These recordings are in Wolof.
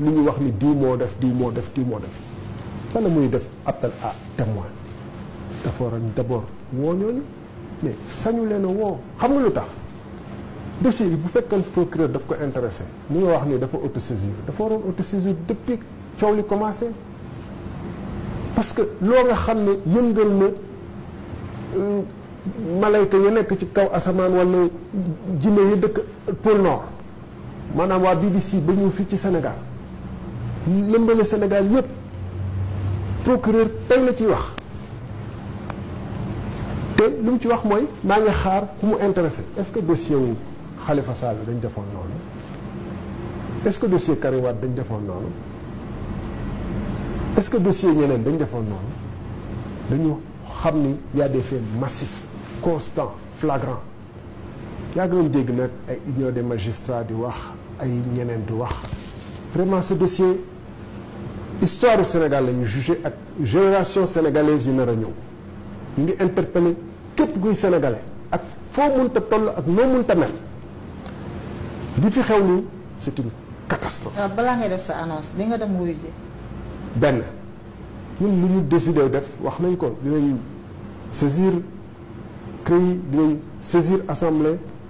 li ñu wax ni diw moo def diw moo def diw moo def bala muy def appel à témoin dafa war a woo ñooñu mais sañu leen a woo xam nga lu tax dossier bi bu fekkoon procureur daf ko intéressé ni nga wax ni dafa auto autosaisir dafa waroon autosaisir depuis coow li commencé parce que loo nga xam ne yëngal na euh, malayka ya nekk ci kaw asamaan wala jinne yi dëkk pôle nord maanaam waa BBC ba ñëw fii ci Sénégal lëmbale Sénégal yépp procureur tey la ciy wax te lu mu ci wax mooy maa ngi xaar ku mu intéressé est-ce que dossier wu Khalifa Sall dañ defoon est-ce que dossier Karim est dañ est-ce que dossier ñeneen dañ defoon noonu dañu xam y a des faits massifs constants flagrants yaa ngi dégg nag ay union des magistrats di wax ay ñeneen di wax vraiment ce dossier histoire du Sénégal ñu jugé ak génération sénégalaise une réunion a ñëw ñu ngi interpellé képp sénégalais ak foo mënta toll ak noo mënta mel li fi xew c'est une catastrophe. waaw ah, balaa ngay def sa annonce di nga dem wuyu ji. benn ñun lu ñu décidé def wax nañ ko dinañ saisir CREI dinañ saisir assemblée.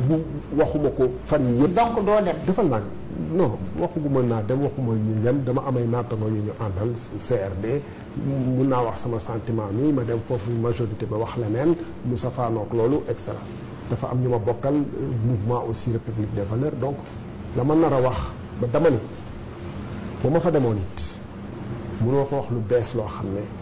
bu waxuma ko fan yi yëpp. donc doo dem defal naa non waxuma naa dem waxuma ñu dem dama amay naataango yu ñu àndal CRD mun naa wax sama sentiment mi ma dem foofu majorité ba wax leneen mu safaanook loolu et dafa am ñu ma bokkal euh, mouvement aussi république des valeurs donc la ma nar a wax ba dama ni bu ma fa demoon it munoo fa wax lu bees loo xam ne.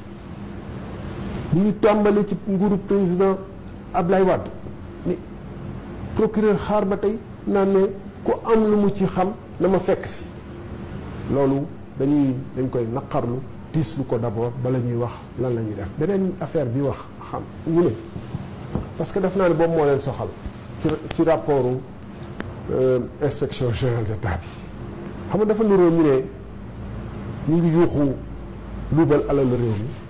bu ñu tàmbali ci nguuru président Ablaye Wade ni procureur xaar ba tey naan ne ku am lu mu ci xam na ma fekk si loolu dañuy dañ koy naqarlu tiis lu ko d'abord bala ñuy wax lan la ñuy def beneen affaire bi wax xam ñu ne parce que def naa ne boobu moo leen soxal ci ci rapportu euh, inspection générale d'État bi xam nga dafa nuroo ñu ne ñu ngi yuuxu luubal alalu réew mi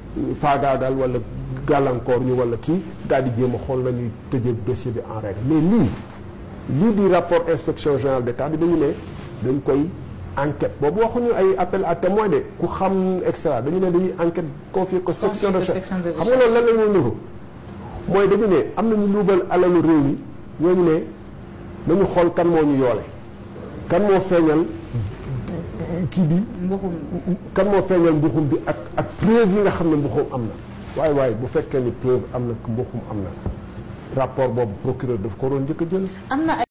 faagaagal wala gàllankoor ñu wala kii daal di jéem a xool nañuy tëjee dossier bi en règle mais lii lii di rapport inspection générale d'État bi dañu ne dañ koy enquête boobu waxuñu ay appel à témoin de ku xam extra dañu ne dañuy enquête confié ko section de recherche xam nga loolu lan la ñu nuru mooy dañu ne am na ñu luubal alalu réew mi ñooñu ne nañu xool kan moo ñu yoole kan moo feeñal kii bi kan moo feeñal mbuxum bi ak ak preuve yi nga xam ne mbuxum am na waaye waaye bu fekkee ni preuve am na mbuxum am na rapport boobu procureur daf ko waroon njëkk a jël am